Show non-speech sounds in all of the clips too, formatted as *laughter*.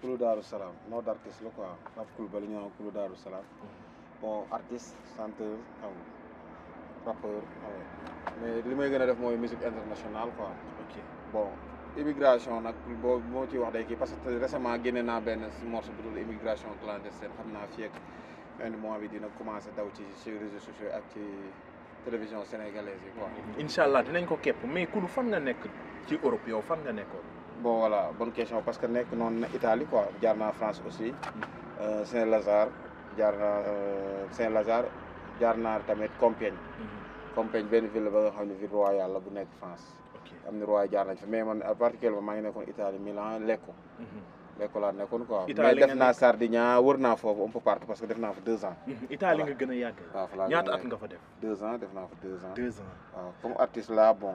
Kulu Daaru Salaam nom d'artiste la quoi Pape Coulibaly ñu naan Kulu Daaru Salaam mhm. bon artiste sant xam mais li may gën a def mooy musique internationale quoi. bon immigration nag boo moo ci wax day kii parce que récemment génne naa benn morceau bu tudd immigration clandestine xam naa fii ak un mois bi dina commencé daw ci ci réseaux sociaux ak ci télévision sénégalaise yi incha allah dinañ ko képp mais Kulu fan nga nekk ci Europe yow fan nga nekkoon. bon voilà bon question parce que nekk noon na itali quoi jaar naa France aussi Saint-Lazare jaar na Saint-Lazare jaar naa euh, tamit Compiègne mm-hmm. Compiègne benn ville ba nga xam ne ville bu nekk France am na royal jaar nañ fa mais man particulièrement maa ngi nekkoon Italie Milan Lecco mm-hmm. Lecco laa nekkoon quoi mais def naa Sardinia wër naa foofu un peu parce que def na fa deux ans mm-hmm. Italie nga gën a yàgg waaw fa laa ñaata at nga fa def deux ans def naa fa deux ans deux ans waaw comme bon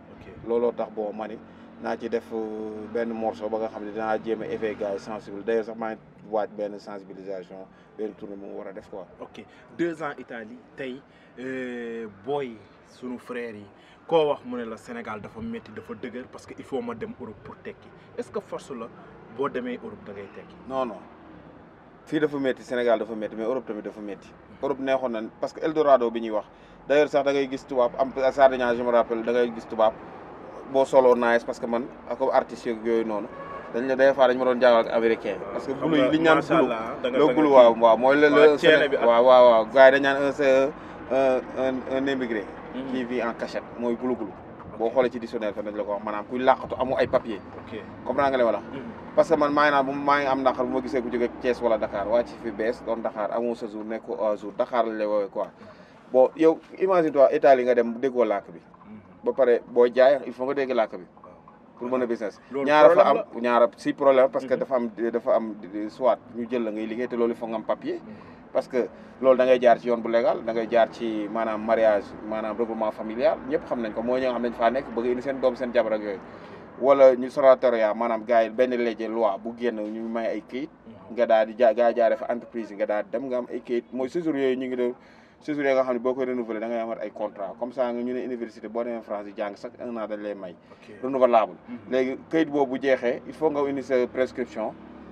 C'est tax bon ma Je ci euh, morceau ba nga je sensible d'ailleurs sax sensibilisation ok deux ans Italie tey je euh, frères yi je wax mu que Sénégal je parce que il faut ma Europe pour est-ce que force la je Europe non non Sénégal je mais Europe tamit hmm. parce que Eldorado bi de sax da ngay gis tubaab am Sardinia je me rappelle da gis tubaab boo solo nice parce que man ak artiste yeeg yooyu noonu dañ la des fois dañ ma doon jaagal ak américain parce que bulu yi li ñu naan bulu loo mooy la la waaw waaw waaw gars yi dañ naan un un un immigré mhm. qui vit en cachette mooy bulu boo xoolee ci dictionnaire fa dañ la ko wax maanaam kuy amu ay papier comprends nga ne wala mhm. parce que man maa ngi naan bu maa ngi am naqar bu ma gisee ku jóge Thiès wala Dakar waa ci fi bees doon Dakar amoo sa jour nekk au jour Dakar la lay woowee quoi bon yow imagine toi Italie nga dem déggoo làkk bi mhm. ba pare boo jaay il faut nga dégg làkk bi pour mën a business ñaara fa am ñaara si problème parce que mhm. dafa am dafa am soit ñu jël la ngay liggéey te loolu il faut nga mhm. que loolu da ngay jaar ci yoon bu légal da ngay jaar ci maanaam mariage maanaam regroupement familial ñëpp xam nañ ko mooy ñi nga xam nañ faa nekk bëgg seen doom seen jabar ak yooyu wala ñu soratoria maanaam gars yi benn léegi loi bu génn ñu may ay kayit nga daal di ja yi jaaree fa entreprise nga daal dem nga am ay kayit mooy toujours yooyu ñu ngi doon séjour yi nga xam ne boo koy renouveler da ngay ay contrat comme ça nga ñu ne université boo demee France yi jàng sax un may renouvelable mhm. léegi kayit boobu bu jeexee il faut nga indi sa prescription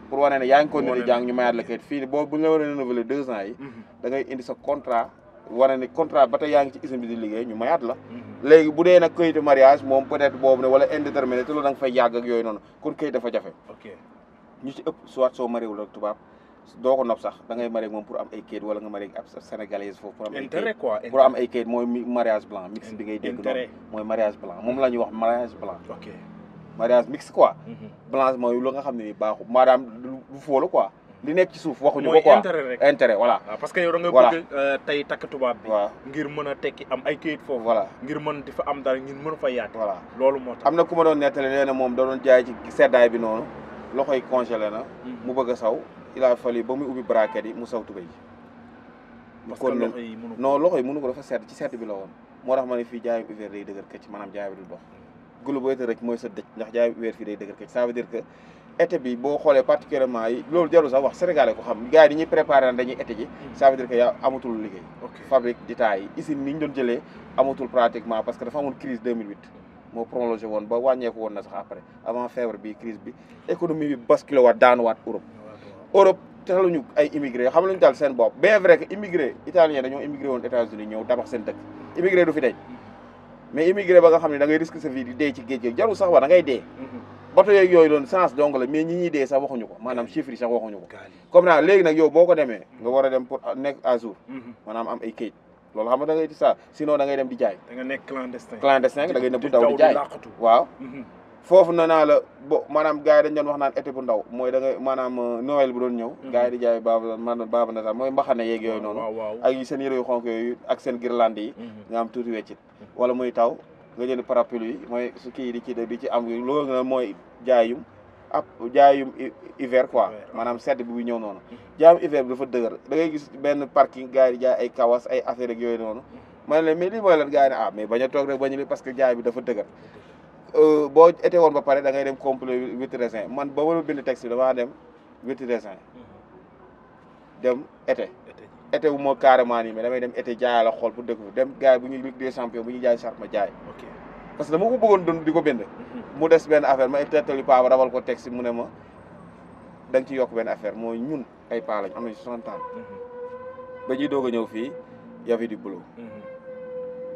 pour wane ne yaa ngi continuer jàng ñu mayaat la boo bu ñu la a renouveler deux ans yi mhm. da ngay sa contrat wane ne contrat ba tey yaa ngi ci usine bi di liggéey ñu mayaat la mhm. léegi bu dee nag kayitu mariage moom peut-être boobu ne wala indéterminé te loolu da nga fay yàgg yooyu noonu kon kayit dafa jafe ñu ci ëpp soit soo mariwul rek tubaab doo ko nopp sax da ngay marié moom pour am ay kayit wala nga marié ab sénégalaise ay kayit quoi pour am ay kayit mooy mariage blanc mix mooy mariage blanc moom la ñuy wax mariage blanc ok mariage mix quoi mhm. blanc mooy lu xam ni baaxu maanaam lu fóolu quoi li nekk ci suuf waxuñu ko quoi intérêt rek intérêt voilà. Ah, parce que yow da nga bëgg euh, tey takk tubaab bi. waaw ngir mën a am ay kayit foofu. voilà ngir mën di fa am dara ngir mën fa yaatu. voilà loolu moo tax. am na ku ma doon nettali nee na moom da doon jaay ci seddaay bi noonu loxoy congelé na. Mhm. mu bëgg a saw il a fallu ba muy ubbi braquette yi mu saw tubéy ji mu kon loxo yi mënu ko dafa sedd ci sedd bi la woon moo tax ma ne fii jaayam hiver day dëgër këcc maanaam jaay bi du dox mm. gulu boyta rek mooy sa dëj ndax jaayam hiver fii day këcc ça veut dire que été bi boo xoolee particulièrement yi loolu jarul sax wax sénégalais ko xam gars yi dañuy préparé naan dañuy été ji mm. ça veut dire que yaa liggéey fabrique détail yi usine mi ñu doon jëlee amatul pratiquement parce que dafa amoon crise 2008 mm. moo woon ba wàññeeku woon na sax après avant fièvre bi crise bi économie bi basculé Europe teraluñu ay immigré xam luñu daal seen bopp bien vrai que immigré italien dañoo immigré woon États-Unis ñëw tabax seen dëkk immigré du fi deñ mais immigré ba xam ne da ngay risque sa de di dee ci géej géej jarul sax wa da ngay dee mhm. bato yeeg yooyu doon chance donc mais ñi ñuy dee sax waxuñu ko maanaam chiffre yi sax waxuñu ko comme naa léegi nag yow boo ko demee mhm. nga war a dem pour nekk à jour mhm. maanaam am ay loolu xam nga da ngay di dem di jaay da nga nekk clandestin clandestin da foofu na naa la bo maanaam gars yi dañ doon wax naan été bu ndaw mooy da ngay maanaam euh, Noël bu doon ñëw mhm. gars yi di jaay baaba man baaba na mooy mbaxane yeeg yooyu noonu ak seen yëre xonk yooyu ak seen guirlande yi mhm. nga am tuuti weccit mhm. wala mooy taw nga jënd parapluie yi mooy su kii di ci de di ci am loolu na mooy jaayum ab jaayum hiver quoi maanaam sedd bi bu ñëw noonu jaayum hiver bi dafa dëgër da ngay gis benn parking gars yi di jaay ay kawas ay affaire ah, a toog rek bañu li parce que jaay bi dafa dëgër Euh, boo été woon ba pare da ngay dem complet huit raisin man ba ma bind texte bi damaa dem huit raisin mhm. dem été été wu ma carrément nii mais damay dem été jaay la xool pour dëkk bi dem gars bu ñuy ligue des champions bu ñu jaay sart ma jaay parce que dama ko bëggoon doon di ko bind mhm. mu des benn affaire ma tettali paa ba rabal ko texte mu ne ma da ci yokk benn affaire mooy ñun ay paa lañ am nañ soixante ans mhm. ba ñuy doog a ñëw fii y avait du boulot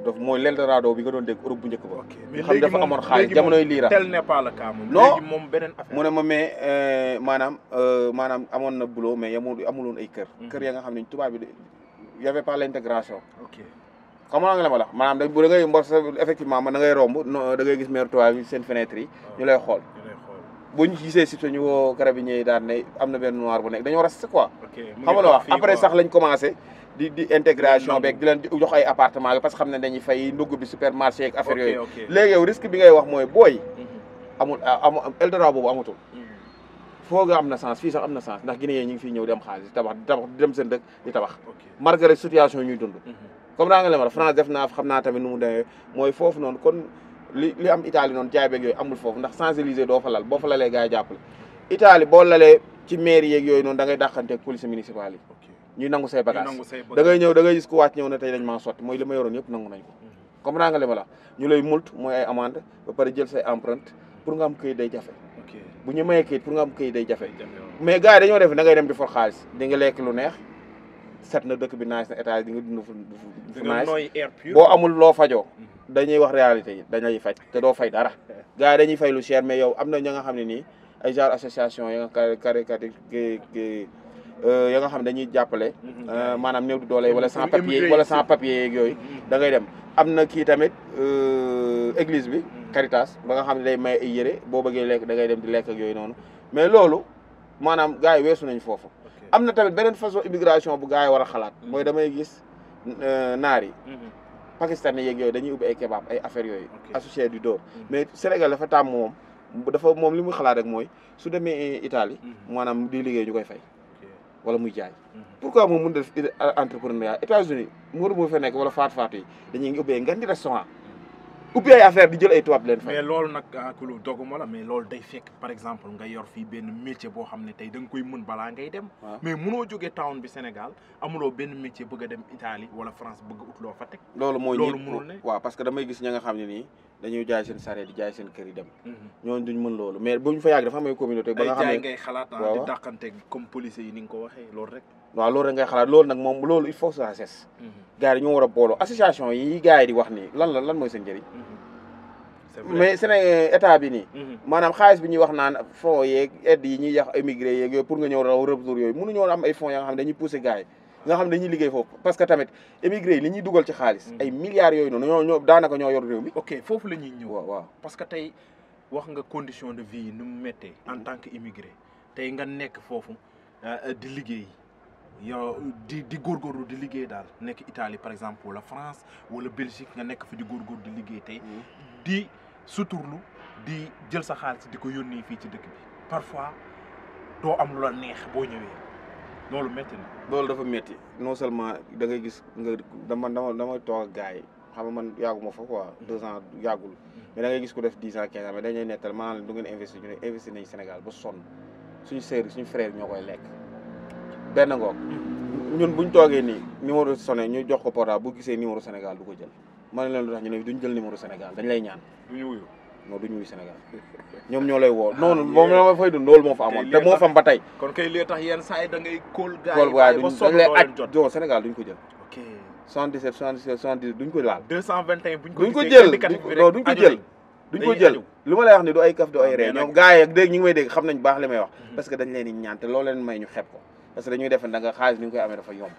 daf mooy l'Eldorado bi nga doon dégg Europe bu njëkk ba. ok xam dafa amoon xaalis jamonoy liira moom. beneen affaire mu ne ma mais euh, maanaam euh, maanaam amoon na boulot mais yamul amuloon ay kër. Mhm. kër ya nga xam ne tubaab bi y avait pas l'intégration. ok xam nga la ma la maanaam da ngay mbor sa effectivement man da ngay romb da ngay gis maire tubaab yi seen fenêtre ah. ñu lay xool. boo ñu gisee surtout ñu woo carabinier yi daan ne am na benn noir bu nekk dañoo rase quoi. ok après sax lañ commencé di di intégration beeg di leen jox ay appartement parce que xam ne dañuy fay ndugg bi supermarché ak affaire yooyu léegi yow risque bi ngay wax mooy booy mhm. amul ah, am Eldorado boobu amatul mhm. foo am na sens fii sax am na sens ndax ñu ngi fii ñëw di am xaalis di tabax di tabax di dem seen dëkk di tabax malgré situation ñuy dund mhm. comme daa nga le ma France def naa xam naa tamit nu mu demee mooy foofu noonu kon li li am Italie noonu jaay yooyu amul foofu ndax champs doo fa lal boo fa lalee gars yi jàppale Italie boo lalee ci mairie yooyu noon da ngay dàqanteeg police municipale ñuy nangu say bagage da ngay ñëw da ngay gis ku wàcc ñëw ne tey dañ maa sotti mooy li ma yoroon nangu nañ ko mm-hmm. comprends nga li la ñu lay mult mooy ay amande ba pare jël say empreinte pour nga am këyit day jafe bu ñu mayee këyit pour nga am këyit day jafe mais gars yi dañoo def da dem di for xaalis di nga lekk lu neex set na dëkk bi naaj na étage di nga dund fu naaj boo amul loo fajoo mm-hmm. dañuy wax réalité yi dañ lay faj te doo fay dara *laughs* gars yi dañuy fay lu cher mais yow am na ña nga xam ne nii ay genre association ya nga Euh, ya nga xam ne dañuy jàppale mhm. euh, maanaam néew du doole wala sans wala sant papier yeeg yooyu mhm. dangay ngay dem am na kii tamit euh, église bi mhm. Caritas ba nga xam ne day may ay yére boo bëggee lekk da ngay dem di lekk ak yooyu noonu mais loolu maanaam gars yi weesu nañ foofu am na tamit beneen façon immigration bu gaa yi war a xalaat mooy damay gis naar yi pakistanais yeeg yooyu dañuy ubbi ay kebab ay affaire yooyu associé du doo mais Sénégal dafa tàmm moom dafa moom li mu xalaat rek mooy su demee Italie maanaam di liggéey ñu koy fay wala muy jaay mhm. pourquoi moom mën def entrepreneuriat États-Unis mooru moo fa nekk wala faat faatu yi dañuy ubbee ngan di restaurant ou ay affaire di jël ay tubaab len fa mais lool nak nag ah, lu doguma la mais lool day fekk par exemple nga yor fi ben métier bo xamné tay dang koy mën bala ngay dem mais munoo jógee town bi Sénégal amulo ben métier bëgg a dem Italie wala France bëgg out lo loo fa teg loolu mooy loolu mënul ne waaw parce que damay gis ña nga xam ne dañuy jaay seen sare di jaay seen kër yi dem mhm. ñooñu duñ mën loolu mais bu fa yàgg dafa am communauté ba nga xamné ne ngay xalaat ah, di takanté comme policier yi ni nga ko waxé lool rek waaw loolu rek ngay xalaat loolu nag moom loolu il faut que ça cesse. Mhm. gars yi ñoo war a booloo association yi gars yi di wax nii lan la lan mooy seen njëriñ. Mhm. mais Sénégal euh, état bi nii. Mhm. maanaam xaalis bi ñuy wax naan fonds yeeg aide yi ñuy yàq émigré yeeg yooyu pour nga ñëw raw retour yooyu mënuñoo am ay fonds ya nga xam ne dañuy pousser gars yi nga xam ne dañuy liggéey foofu parce que tamit émigré yi li ñuy dugal ci xaalis. ay milliards yooyu noonu ñoo ñoo daanaka ñoo yor réew mi. ok foofu la ñuy ñëw. waaw waaw parce que tey wax nga condition de vie yi mu méttee en tant que immigré tey nga nekk foofu euh, di liggéey yow di di góorgóorlu di liggéey dal nek Italie par exemple wala France wala Belgique nga nek fi di góorgóorlu di liggéey tay mm-hmm. di suturlu di djel sa xaalis di ko yónnee fii ci deuk bi parfois do am lu la neex bo ñewé lolu metti na. lolu dafa metti non seulement da ngay gis nga dama dama to gaay ak xam man yaguma fa quoi 2 mm-hmm. ans yagul mm-hmm. mais da ngay gis ku def dix ans quinze ans mais dañuy nettal maanaam du ngeen investir ñu ne investi nañu Sénégal ba sonn suñu sœur suñu frère ñokoy koy lekk. benn ngoog ñun buñ toogee nii numéro sonné ñu jox ko portable bu gisee numéro Sénégal du ko jël ma ne leen lu tax ñu ne duñ jël numéro Sénégal dañ lay ñaan duñu wuyu non ñoo lay woo ah, noonu moom la ma fay dund loolu moo fa amoon te moo fam ba tey kon kay duñ ko jël ok 77 77 78 duñ ko laal 221 buñ ko jël non duñ ko jël duñ ko jël li ma lay wax ni du ay kaf du ay ah, ree ñoom gars yi ak may dégg xam nañ baax li may wax mhm. parce que dañ leen ñaan te loo may ñu xeeb ko parce que ñuy defe da nga xaalis ni koy amee dafa yomb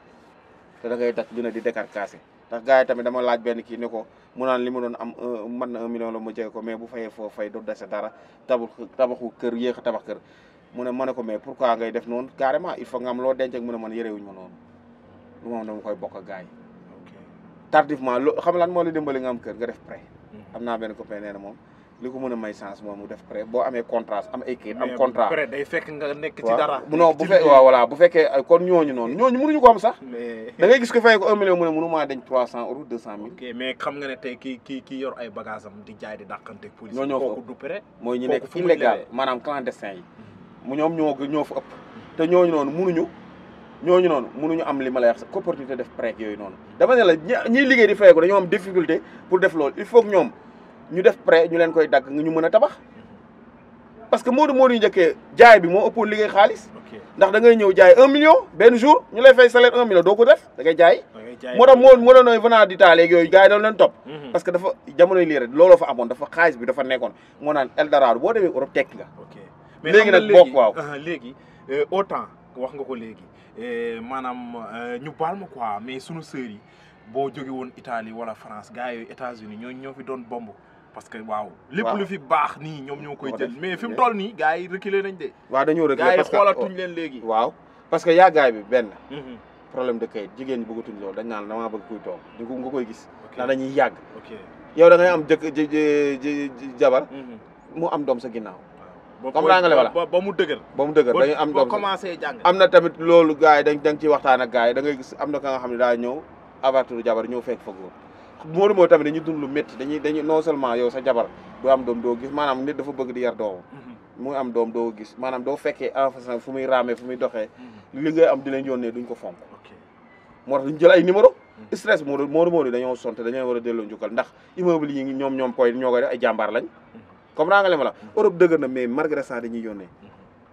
te da ngay daj dina di décarcassé ndax gars yi tamit dama laaj benn kii ne ko mu naan li mu doon am mën na un million la mu jege ko mais bu fayee foo fay du dese dara tabax tabaxu kër yéex a tabax kër mu ne ma ne ko mais pourquoi ngay def noonu carrément il faut nga am loo denc ak mu ne man yërewuñu ma noonu lu moom dama koy bokk ak gars yi tardivement lu xam lan moo la dimbali nga am kër nga def prêt hmm. am naa benn copain nee na moom li ko may def prêt bo amé contrat am contrat prêt day fekk nga nek ci dara non bu voilà bu kon non ko am sax da ngay gis ko fay ko un million mënu euros mais xam nga né tay ki ki ki yor ay bagage di jaay di police du illégal manam clandestin yi mhm. mu ñom ñoo ñoo ëpp te ñooñu mënuñu ñooñu am li opportunité def prêt dama la difficulté pour def il ñu def prêt ñu leen koy dagg nga ñu mën a tabax parce que moo Modou ñu njëkkee jaay bi moo ëppoon liggéey xaalis. ndax da ngay ñëw jaay un million benn jour ñu lay fay salaire un million doo ko def da ngay jaay. moo tax moo moo di taaleeg yooyu gars yi doon leen topp. Mhm. dafa jamonoy lii amoon dafa xaalis bi dafa nekkoon moo naan Eldorado boo demee Europe tekki nga. mais léegi nag bokk waaw uh-huh, léegi euh, autant wax nga ko léegi euh, maanaam euh, ñu baal ma quoi mais sunu sœurs yi boo jóge woon Italie wala France gars yooyu États-Unis ñooñu ñoo fi doon bomb parce que waaw lépp lu fi baax nii ñoom ñoo koy jël mais fi mu toll nii gars yi reculé nañ de waaw dañoo reculé leen léegi waaw parce que yaa gaay bi benn mhm. problème de kayit jigéen ñi bëggatuñ loolu dañ naan damaa bëgg kuy toog di nga koy gis ndax dañuy yàgg yow da ngay am jëkk jabar mhm. mu am doom sa ginnaaw comme daa nga wala ba mu dëgër ba mu dëgër dañu am doom commencé jàng am na tamit loolu gars yi dañ da nga ciy waxtaan gars yi da ngay gis am na ka nga xam ne daa ñëw aventure jabar ñëw fekk fa Modou Modou tamit dañuy dund lu métti dañuy dañuy non seulement yow sa jabar doo am doom doo gis maanaam nit bëgg di yar mhm. am doom doo gis maanaam doo fekkee en face fu muy raamee fu muy doxee mhm. li ngay am di leen yónnee duñ ko fonk moo tax duñ jël ay numéro mhm. stress Modou Modou Modou dañoo sonte dañoo war a delloo njukkal ndax immeuble yi ngi ñoom ñoom koy ñoo koy def ay jàmbaar lañ comprends nga li ma la Europe dëgg na mais malgré ça dañuy yónnee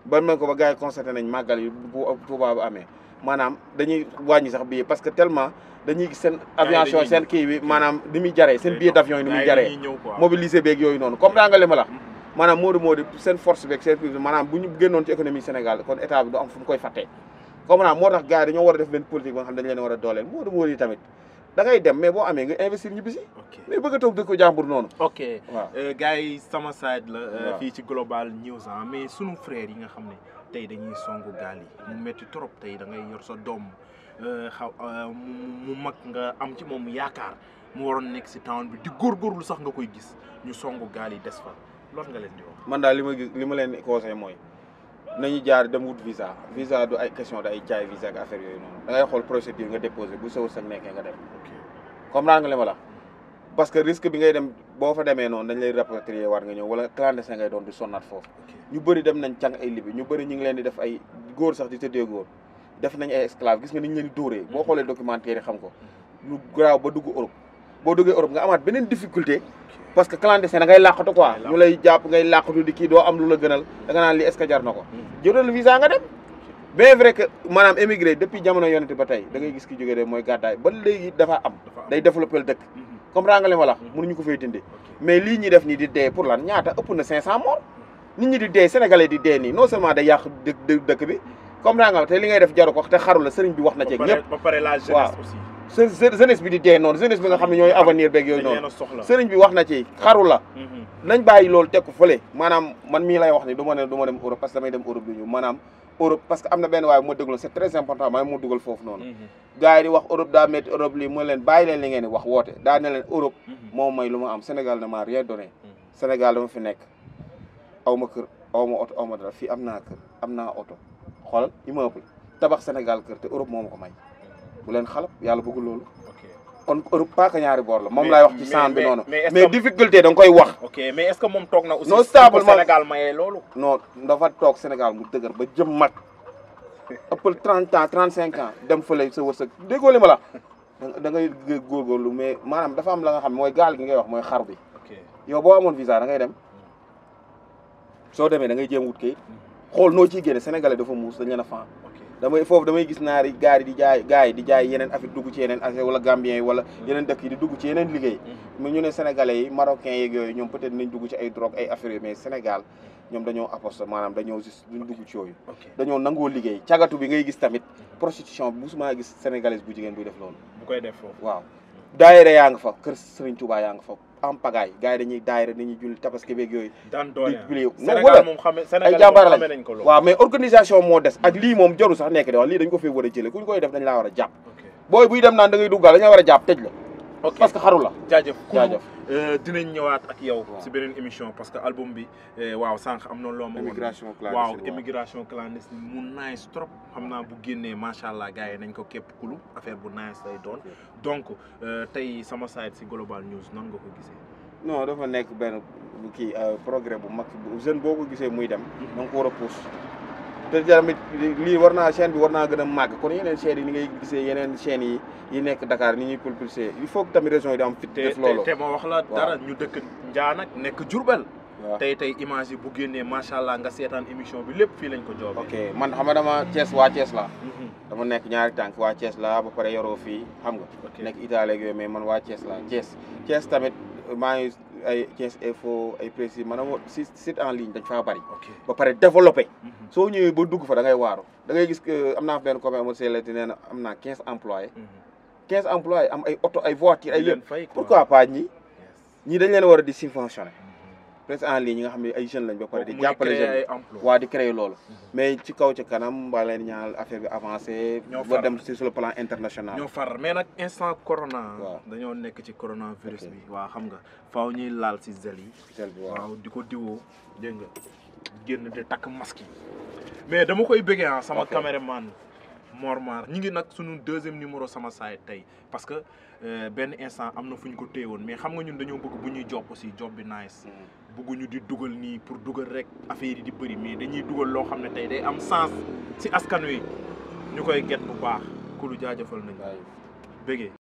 ba man ko ba gars yi constaté nañ màggal yi bu bu amee manam dañuy wañi sax billet parce que tellement dañuy gis seen aviation seen kii bi maanaam ni muy jaree seen billet d'avion yi ni muy jaree mobiliser beeg yooyu noonu comme nga li ma la mm-hmm. maanaam moodu moodu seen force beeg seen pib manam buñu ñu ci économie Sénégal kon état bi do am fu koy faté comme naa moo tax gars yi def ben politique ba nga xam dañ leen wara dolel dooleel moodu tamit da ngay dem mais bo amé nga investir ñu bisi mais bëgg tok de ko jambour noonu ok waaw euh, gars sama side la euh, fi ci Global News ah, mais sunu frère yi nga xam ne tey dañuy songu gaal yi mu metti trop tey dangay ngay sa doom euh, xaw euh, mu mag nga am ci moom yaakaar mu waroon nekk si town bi di góorgóorlu sax nga koy gis ñu songu gaal yi des fa loolu nga leen di wax. man daal li ma gis li ma leen conseil mooy nañu jaar dem wut visa visa du ay question da ay caay visa ak affaire yooyu noonu da ngay xool procédure nga déposé bu sawul sax nekkee nga dem. ok comprendre nga li la. parce que risque bi ngay dem boo fa demee noonu dañ lay rapatrier waat nga ñëw wala clandestin ngay doon di sonnaat bëri dem nañ càng ay libi ñu bëri ñu ngi leen di def ay góor sax di tëddee góor def nañ ay esclave gis nga ni leen di dóoree boo mhm. xoolee documentaire yi xam ko lu garaaw ba dugg Europe boo duggee Europe nga amaat beneen difficulté parce que clandestin da ngay làqatu quoi ñu lay jàpp ngay làqatu di kii doo am lu la gënal da nga naan lii est-ce que na ko mhm. jëlal visa nga dem bien vrai que maanaam émigré jamono yonente ba tey da gis ki jógee mooy gàddaay ba léegi dafa am day développé dëkk mhm. comme nga li ma la wax mm. mënuñu ko fay dindi mais lii ñuy def nii di dee pour lan ñaata ëpp na 500 morts nit ñi di dee sénégalais di dee nii non seulement day yàq dëkk bi comprendre nga te li ngay def jaru te xaru sëriñ bi wax na ci ñëpp bi di dee noonu jeunesse bi nga xam ñooy avenir beeg yooyu noonu sëriñ bi wax na ci xaru mm-hmm. nañ bàyyi loolu teg ko fële maanaam man mii wax ni du dem Europe parce que dem Europe du ñu maanaam Europe parce que amna ben way mo moo c'est très important mais mo dougal foofu non mhm. gaay di wax Europe da métti Europe li mo len bàyyi len li ngeen wax woote da ne Europe. Mhm. mo may luma am Sénégal n'a ma rien donné. Mhm. Sénégal dama fi nek awma keur awma auto ma ma dara fi amna keur amna auto xol oto immeuble tabax Sénégal keur te Europe moo ko may. bu len xalap yalla bëggul loolu. kon Europe paaka ñaari boor la moom lay wax ci sànq bi noonu. mais difficulté da nga koy wax. ok mais est ce que moom toog na aussi. non stable Sénégal loolu. non dafa toog Sénégal mu dëgër ba jëm mag ëppal trente trente cinq ans dem fële sa wërsëg déggoo li ma la da ngay góorgóorlu mais maanaam dafa am la nga xam mooy gaal gi ngay wax mooy xar bi. yow boo amoon visa da ngay dem soo demee da ngay jéem wut kayit mm-hmm. xool noo ci ciy génne Sénégalais dafa muus dañ leen a faan. damay foofu damay gis naari gaari di jaay gars yi di jaay yeneen Afrique dugg ci yeneen Afrique wala Gambien yi wala yeneen dëkk yi di dugg ci yeneen liggéey mais mhm. ñu ne sénégalais yi marocains yeeg yooyu ñoom peut-être nañ dugg ci ay drogue ay affaires mais Sénégal ñoom dañoo aposté maanaam dañoo juste duñ dañoo nangoo liggéey cagatu bi ngay gis tamit prostitution bi musuma gis sénégalais bu jigéen buy def loolu bu koy def foofu waaw daayira yaa nga fa kër Serigne Touba yaa nga fa am pagaille gars yi dañuy daayira dañuy julli tabaski beeg yooyu. daan doole Sénégal moom xame Sénégal ay jàmbaar lañ ko waaw mais organisation moo des ak lii moom jaru sax nekk de wax lii dañ ko fee war a jëlee ku ñu koy def dañ laa war a jàpp. booy buy naan da ngay duggaal dañ la war a jàpp tëj la ok parce que xaru la. jaajëf euh, jaajëf dinañ ñëwaat ak yow. si beneen émission parce que album bi euh, waaw sànq am na loo ma. immigration clandestine waaw immigration clandestine mu nice trop. xam naa bu génnee macha allah gars nañ ko képp kulu affaire bu nice lay doon donc euh, tey sama site si global news nan nga ko gisee. non dafa nekk benn kii progrès bu mag jeune boo ko gisee muy dem. Mhm. da ko war a pousse. te tamit lii war naa chaîne bi war naa gën a màgg kon yeneen chaîne yi ni ngay gisee yeneen chaîne i yi nekk Dakar ni ñuy propulsé il faut que tamit région yi di am fit def te ma wax dara ñu dëkk Njaan ak nekk Jurbel tey tey image yi bu génnee macha allah nga seetaan émission bi lépp fii lañ ko joobee. man xama nga dama Thiès waa Thiès laa. Mhm. dama nekk ñaari tànk waa Thiès laa ba pare yoro fii xam nga. nekk Italie mais man waa Thiès laa Thiès. Thiès tamit maa ngi ay Thiès Info ay précis maanaam en ligne dañ faa bari ba pare développé mhm. soo ñëwee ba dugg fa da ngay waaru da ngay gis que am naa benn commune mo seelati nee na am naa quinze employés mhm. quinze employés am ay oto ay voiture ay lépp pourquoi pas ñi ñii dañ leen war a di subventionné presse en ligne yi nga xam ne ay jeunes lañ ba pare di jàppale jeunes waa di créer loolu mhm. mais ci kaw ci kanam waa leen a affaire bi avancé ba dem si sur le plan international ñoo far mais nag instant corona waaw dañoo nekk ci coronavirus bi waa xam nga faaw ñuy laal si zel yi zel bi waaw di ko diwoo dégg nga génn di takk masque mais dama koy bëggee ah sama caméraman Mormar ñu ngi nag suñu deuxième numéro sama say tay parce que euh, ben instant amna fuñ ko téye mais xam nga ñun dañoo bëgg bu ñuy jopp aussi job bi nice mm. bëgguñu di duggal ni pour duggal rek affaire yi di bëri mais dañuy duggal lo xam tay day am sens ci askan wi ñukoy koy bu baax ku lu jaajëfal nañu bëggee